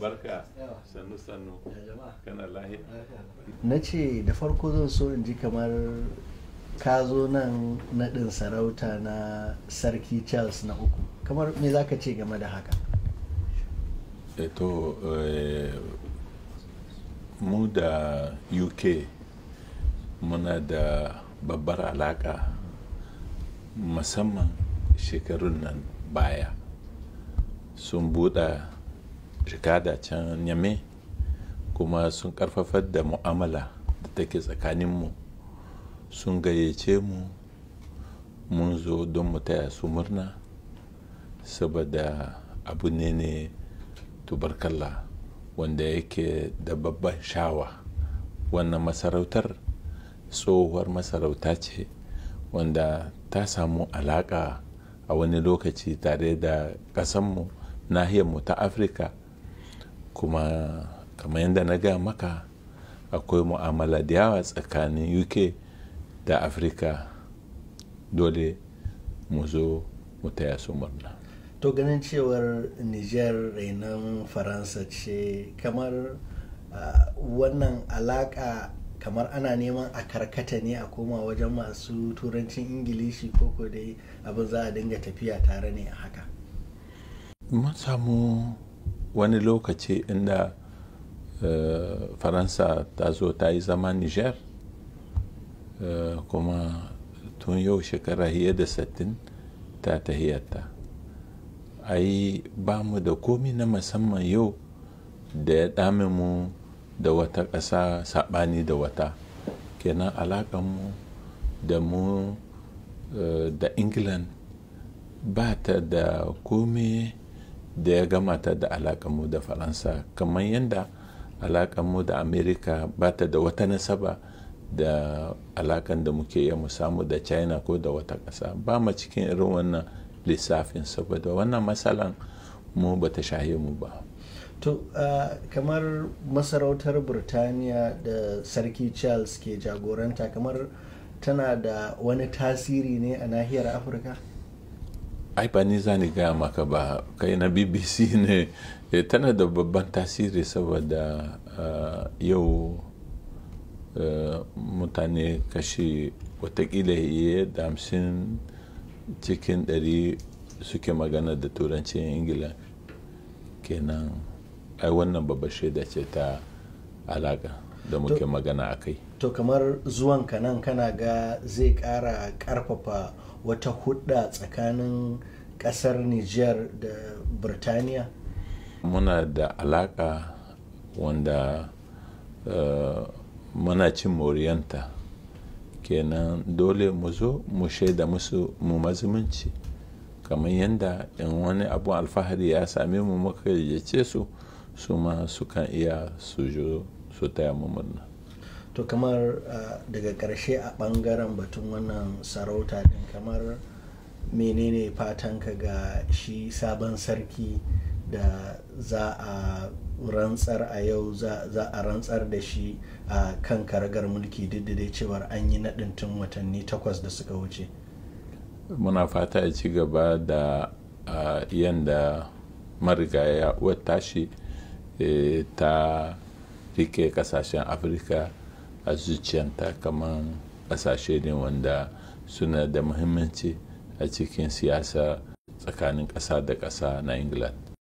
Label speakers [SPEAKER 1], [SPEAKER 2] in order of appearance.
[SPEAKER 1] barka sannu sannu kana lahiya
[SPEAKER 2] na ce da farko zan so in ji kamar ka zo nan naɗin sarauta na sarki charles na uku kamar me za ka ce game da haka
[SPEAKER 1] eto eh, mu da uk muna da babbar alaka musamman shekarun nan baya sun buɗa da can nyame kuma sun karfafar da mu'amala da take tsakaninmu sun gayyace mu mun zo don mu taya su murna saboda abu ne ne tubarkalla wanda yake da babban shawa wannan masarautar tsohuwar masarauta ce wanda ta samu alaƙa a wani lokaci tare da ƙasanmu nahiyarmu ta afirka kuma kamar yadda na gaya maka akwai mu'amala da yawa tsakanin uk da afirka dole mu zo mu taya su murna
[SPEAKER 2] to ganin cewar niger rainan faransa ce kamar wannan alaka kamar ana neman a karkata ne a koma wajen masu turancin ingilishi ko dai abin za a dinga tafiya tare ne a haka
[SPEAKER 1] mun samu wani lokaci inda eh, faransa ta zo ta yi zama niger eh, kuma tun yau shekara hiyar da sattin ta tahiyarta ai ba mu da komi na musamman yau da ya dame mu da wata ƙasa saɓani da wata kenan alaƙanmu da mu eh, da england ba ta da komi da ya gamata ta da mu da faransa kamar yadda mu da amerika ba ta da wata nasaba da alaƙan da muke ya mu samu da china ko da wata ƙasa ba ma cikin irin wannan lissafin saboda wannan matsalan mu ba ta shahe mu ba
[SPEAKER 2] to uh, kamar masarautar burtaniya da sarki charles ke jagoranta kamar tana da wani tasiri ne a nahiyar afirka
[SPEAKER 1] ai ba ni zani gaya maka ba kai na bbc ne eh, tana da babban tasiri saboda eh, yau eh, mutane kashi watakila iya da hamsin cikin ɗari suke magana da turancin ingila kenan ai wannan babbar shaida ce ta alaka da muke magana a kai
[SPEAKER 2] to kamar zuwan ka nan kana ga zai kara karfafa wata hudda tsakanin kasar niger da birtaniya
[SPEAKER 1] muna da alaka wanda uh, muna cin moriyanta kenan dole mu zo mu shaida musu mu mazumunci kamar yadda in wani abu alfahari ya same mu muka yace su su ma sukan iya su taya mu murna to
[SPEAKER 2] kamar daga ƙarshe a ɓangaren batun wannan sarauta din kamar menene fatan ka ga shi sabon sarki da za a rantsar a yau za a rantsar da shi a kan karagar mulki dai cewar an yi naɗin tun watanni takwas da suka wuce
[SPEAKER 1] muna fata a ci gaba da yadda marigaya wata tashi eh, ta rike kasashen afirka a zuciyanta kamar ƙasashe ne wanda suna da muhimmanci a cikin siyasa tsakanin ƙasa da ƙasa na england